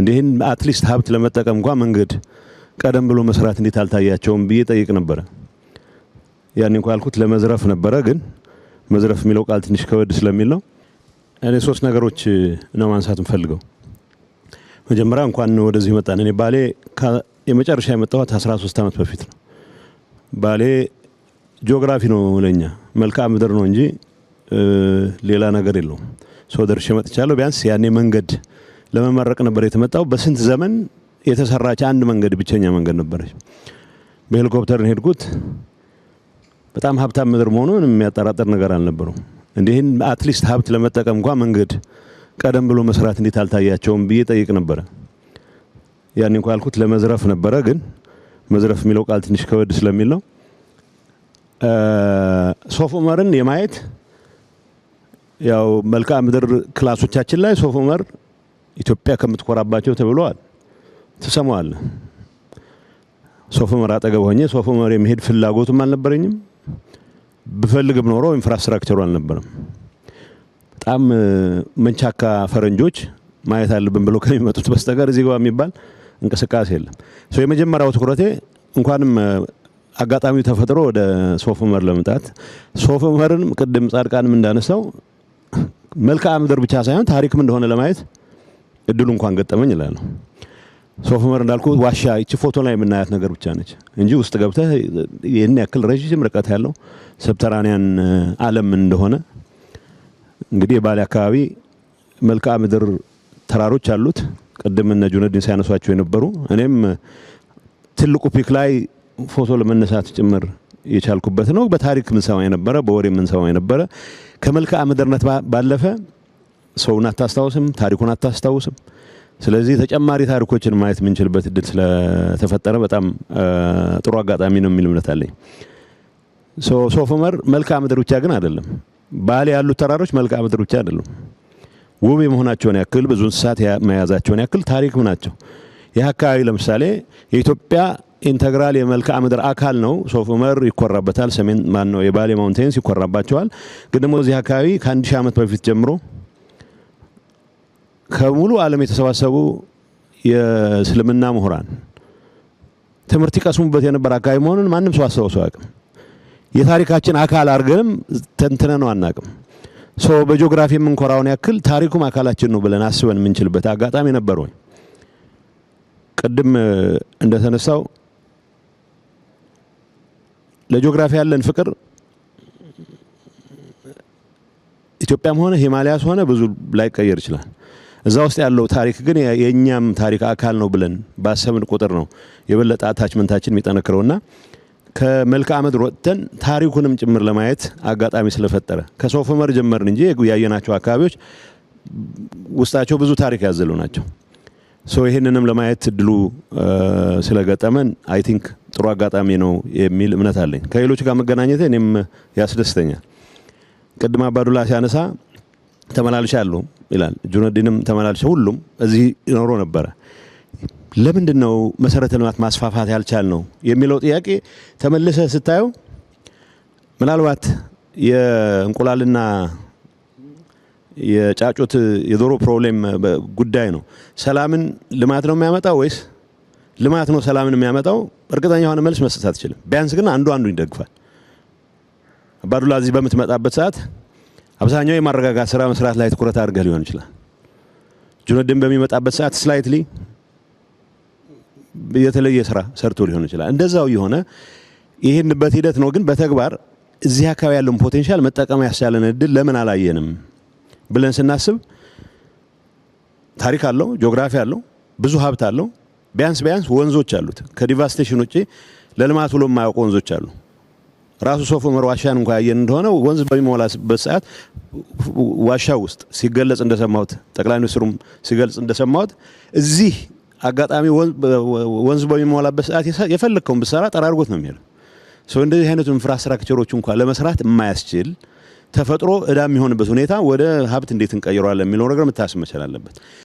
እንዲህን አትሊስት ሀብት ለመጠቀም እንኳ መንገድ ቀደም ብሎ መስራት እንዴት አልታያቸውም ብዬ ጠይቅ ነበረ። ያን እንኳ ያልኩት ለመዝረፍ ነበረ፣ ግን መዝረፍ የሚለው ቃል ትንሽ ከወድ ስለሚል ነው። እኔ ሶስት ነገሮች ነው ማንሳት እንፈልገው። መጀመሪያ እንኳን ወደዚህ መጣን። እኔ ባሌ የመጨረሻ የመጣኋት 13 ዓመት በፊት ነው። ባሌ ጂኦግራፊ ነው ለኛ መልክዓ ምድር ነው እንጂ ሌላ ነገር የለውም። ሰው ደርሼ መጥቻለሁ። ቢያንስ ያኔ መንገድ ለመመረቅ ነበር የተመጣው። በስንት ዘመን የተሰራች አንድ መንገድ ብቸኛ መንገድ ነበረች። በሄሊኮፕተር ሄድኩት። በጣም ሀብታም ምድር መሆኑን የሚያጠራጥር ነገር አልነበረው። እንዲህን አትሊስት ሀብት ለመጠቀም እንኳ መንገድ ቀደም ብሎ መስራት እንዴት አልታያቸውም ብዬ ጠይቅ ነበረ። ያን እንኳ ያልኩት ለመዝረፍ ነበረ፣ ግን መዝረፍ የሚለው ቃል ትንሽ ከወድ ስለሚል ነው። ሶፍ ዑመርን የማየት ያው መልክዓ ምድር ክላሶቻችን ላይ ሶፍ ኡመር ኢትዮጵያ ከምትኮራባቸው ተብለዋል። ትሰማዋለህ። ሶፍ ዑመር አጠገብ ሆኜ ሶፍ ዑመር የመሄድ ፍላጎትም አልነበረኝም። ብፈልግም ኖሮ ኢንፍራስትራክቸሩ አልነበረም። በጣም መንቻካ ፈረንጆች ማየት አለብን ብሎ ከሚመጡት በስተቀር እዚህ ግባ የሚባል እንቅስቃሴ የለም። የመጀመሪያው ትኩረቴ እንኳንም አጋጣሚው ተፈጥሮ ወደ ሶፍ ዑመር ለመምጣት ሶፍ ዑመርን ቅድም ጻድቃንም እንዳነሳው መልክዓ ምድር ብቻ ሳይሆን ታሪክም እንደሆነ ለማየት እድሉ እንኳን ገጠመኝ ነው ሶፍ ዑመር እንዳልኩ ዋሻ ይቺ ፎቶ ላይ የምናያት ነገር ብቻ ነች እንጂ ውስጥ ገብተህ ይህን ያክል ረዥም ርቀት ያለው ሰብተራኒያን አለም እንደሆነ እንግዲህ የባሌ አካባቢ መልክዓ ምድር ተራሮች አሉት። ቅድም እነ ጁነዲን ሲያነሷቸው የነበሩ እኔም ትልቁ ፒክ ላይ ፎቶ ለመነሳት ጭምር የቻልኩበት ነው። በታሪክ ምንሰማ የነበረ በወሬ ምንሰማ የነበረ ከመልክዓ ምድርነት ባለፈ ሰውን አታስታውስም፣ ታሪኩን አታስታውስም። ስለዚህ ተጨማሪ ታሪኮችን ማየት የምንችልበት እድል ስለተፈጠረ በጣም ጥሩ አጋጣሚ ነው የሚል እምነት አለኝ። ሶፍ ዑመር መልክዓ ምድር ብቻ ግን አይደለም። ባሌ ያሉት ተራሮች መልክዓ ምድር ብቻ አይደለም። ውብ የመሆናቸውን ያክል ብዙ እንስሳት መያዛቸውን ያክል ታሪክም ናቸው። ይህ አካባቢ ለምሳሌ የኢትዮጵያ ኢንተግራል የመልክዓ ምድር አካል ነው። ሶፍ ዑመር ይኮራበታል። ሰሜን ማን የባሌ ማውንቴንስ ይኮራባቸዋል። ግን ደግሞ እዚህ አካባቢ ከአንድ ሺህ ዓመት በፊት ጀምሮ ከሙሉ ዓለም የተሰባሰቡ የእስልምና ምሁራን ትምህርት ይቀስሙበት የነበረ አካባቢ መሆኑን ማንም ሰው ሰው አቅም? የታሪካችን አካል አድርገንም ተንትነ ነው አናቅም ሰው በጂኦግራፊ የምንኮራውን ያክል ታሪኩም አካላችን ነው ብለን አስበን የምንችልበት አጋጣሚ ነበር ወይ? ቅድም እንደተነሳው ለጂኦግራፊ ያለን ፍቅር ኢትዮጵያም ሆነ ሂማሊያስ ሆነ ብዙ ላይቀየር ይችላል። እዛ ውስጥ ያለው ታሪክ ግን የእኛም ታሪክ አካል ነው ብለን ባሰብን ቁጥር ነው የበለጠ አታችመንታችን የሚጠነክረውና ከመልክዓ ምድር ወጥተን ታሪኩንም ጭምር ለማየት አጋጣሚ ስለፈጠረ ከሶፍ ዑመር ጀመርን እንጂ ያየናቸው አካባቢዎች ውስጣቸው ብዙ ታሪክ ያዘሉ ናቸው። ይህንንም ለማየት እድሉ ስለገጠመን አይ ቲንክ ጥሩ አጋጣሚ ነው የሚል እምነት አለኝ። ከሌሎች ጋር መገናኘት እኔም ያስደስተኛል። ቅድም አባዱላ ሲያነሳ ተመላልሻለሁ ይላል። ጁነዲንም ተመላልሰ ሁሉም እዚህ ይኖሮ ነበረ። ለምንድን ነው መሰረተ ልማት ማስፋፋት ያልቻል ነው የሚለው ጥያቄ ተመልሰ ስታየው ምናልባት የእንቁላልና የጫጩት የዶሮ ፕሮብሌም ጉዳይ ነው። ሰላምን ልማት ነው የሚያመጣው ወይስ ልማት ነው ሰላምን የሚያመጣው? እርግጠኛ የሆነ መልስ መስጠት አትችልም። ቢያንስ ግን አንዱ አንዱ ይደግፋል። አባዱላ እዚህ በምትመጣበት ሰዓት አብዛኛው የማረጋጋት ስራ መስራት ላይ ትኩረት አድርገህ ሊሆን ይችላል። ጁነድን በሚመጣበት ሰዓት ስላይትሊ የተለየ ስራ ሰርቶ ሊሆን ይችላል። እንደዛው የሆነ ይህንበት ሂደት ነው። ግን በተግባር እዚህ አካባቢ ያለውን ፖቴንሻል መጠቀም ያስቻለን እድል ለምን አላየንም ብለን ስናስብ ታሪክ አለው፣ ጂኦግራፊ አለው፣ ብዙ ሀብት አለው። ቢያንስ ቢያንስ ወንዞች አሉት። ከዲቫስቴሽን ውጭ ለልማት ውሎ የማያውቁ ወንዞች አሉ። ራሱ ሶፍ ዑመር ዋሻን እንኳ ያየን እንደሆነ ወንዝ በሚሞላበት ሰዓት ዋሻ ውስጥ ሲገለጽ እንደሰማሁት ጠቅላይ ሚኒስትሩም ሲገልጽ እንደሰማሁት እዚህ አጋጣሚ ወንዝ በሚሞላበት ሰዓት የፈለግከውን ብሰራ ጠራርጎት ነው የሚሄደው። እንደዚህ አይነቱ ኢንፍራስትራክቸሮች እንኳ ለመስራት የማያስችል ተፈጥሮ እዳ የሚሆንበት ሁኔታ ወደ ሀብት እንዴት እንቀይረዋለን የሚለው ነገር መታሰብ መቻል አለበት።